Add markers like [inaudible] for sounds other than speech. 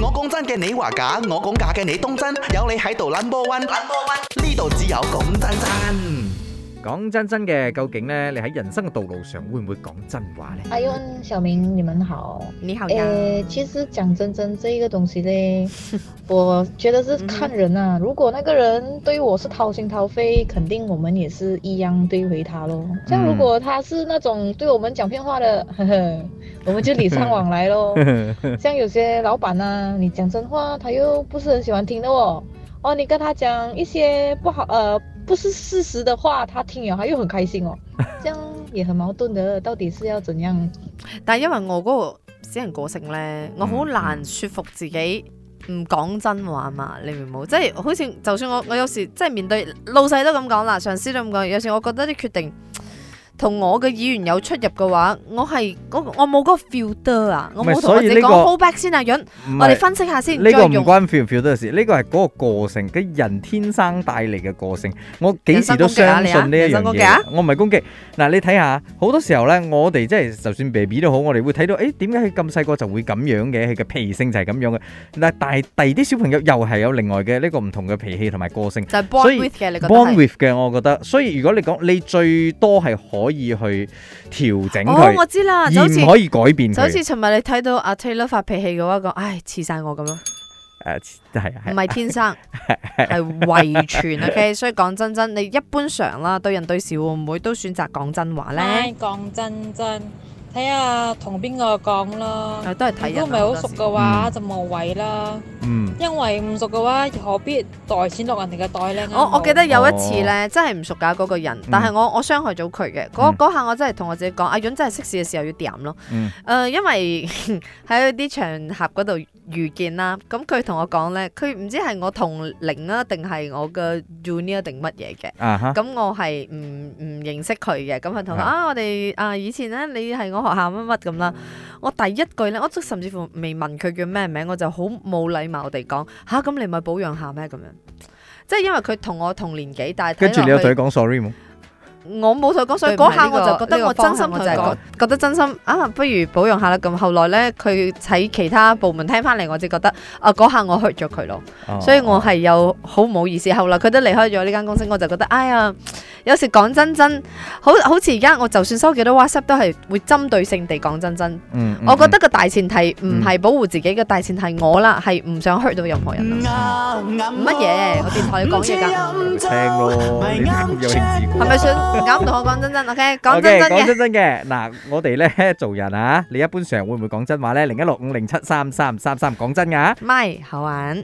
我講真嘅，你話假；我講假嘅，你當真。有你喺度冧波温，冧波温，呢度只有講真真。講真真嘅，究竟呢？你喺人生嘅道路上會唔會講真話呢？阿 o 小明，你們好，你好呀，欸。其實講真真呢一個東西呢， [laughs] 我覺得是看人啊。如果那個人對我是掏心掏肺，肯定我們也是一樣對回他咯。像如果他是那種對我們講騙話的，呵呵，我們就禮尚往來咯。 [laughs] 像有些老板啊，你講真話，他又不是很喜歡聽的哦。哦，你跟他講一些不好，呃。不是事實的話，他聽完他又很開心哦，這樣也很矛盾的，到底是要怎樣？ [laughs] 但係因為我嗰個私人個性呢，我好難說服自己唔講真話嘛，你明唔明？即係好似就算我我有時即係面對老細都咁講啦，上司都咁講，有時我覺得啲決定。同我嘅議員有出入嘅話，我係嗰我冇嗰個 filter 啊，我冇同佢哋講 hold back 先啊，樣我哋分析下先，再用。呢個唔關 filter 嘅事，呢個係嗰個個性，個人天生帶嚟嘅個性，我幾時都相信呢一樣嘢。我唔係攻擊。嗱，你睇下好多時候咧，我哋即係就算 baby 都好，我哋會睇到，誒，點解佢咁細個就會咁樣嘅，佢嘅脾性就係咁樣嘅。嗱，但係第二啲小朋友又係有另外嘅呢個唔同嘅脾氣同埋個性，就係 born with 嘅，你覺得？born with 嘅，我覺得。所以如果你講你最多係可。可以去調整、哦、我知喇，而唔可以改變就好似尋日你睇到阿 Taylor 發脾氣嘅話、嗰個，講唉，似晒我咁咯。誒，係係，唔係天生，係、uh, 遺傳。Uh, o、okay, K，所以講真真，你一般上啦，對人對事會唔會都選擇講真話咧、哎？講真真，睇下同邊個講咯。都係睇，如果唔係好熟嘅話，就冇位啦。嗯、因為唔熟嘅話，何必代錢落人哋嘅袋呢？我我，我記得有一次呢，哦、真係唔熟噶嗰個人，但係我、嗯、我傷害咗佢嘅。嗰、嗯、下我真係同我自己講，阿潤真係識事嘅時候要掂咯。誒、嗯呃，因為喺啲 [laughs] 場合嗰度遇見啦，咁佢同我講呢，「佢唔知係我同齡啊，定係、uh huh. 我嘅 junior 定乜嘢嘅。咁我係唔唔認識佢嘅，咁佢同我啊，我哋啊以前呢，你係我學校乜乜咁啦。我第一句咧，我甚至乎未問佢叫咩名，我就好冇禮貌地哋講嚇，咁、啊、你咪保養下咩咁樣？即係因為佢同我同年紀，但係跟住你有同佢講 sorry 我冇同佢講 sorry，嗰下我就覺得、這個這個、我真心同佢講，我就係覺得真心啊，不如保養下啦。咁後來咧，佢喺其他部門聽翻嚟，我就覺得啊，嗰下我 hurt 咗佢咯，啊、所以我係有好唔好意思。啊、後來佢都離開咗呢間公司，我就覺得哎呀。有時講真真，好好似而家我就算收幾多 WhatsApp 都係會針對性地講真真。嗯、我覺得個大前提唔係保護自己嘅、嗯、大前提我，我啦係唔想 hurt 到任何人。唔乜嘢，我電台要講嘢噶。聽咯，你係咪算啱到我講真真？OK， [laughs] 講真真嘅。講真真嘅嗱，我哋咧做人啊，你一般上會唔會講真話咧？零一六五零七三三三三，33，講真㗎、啊。咪， [laughs] 好玩。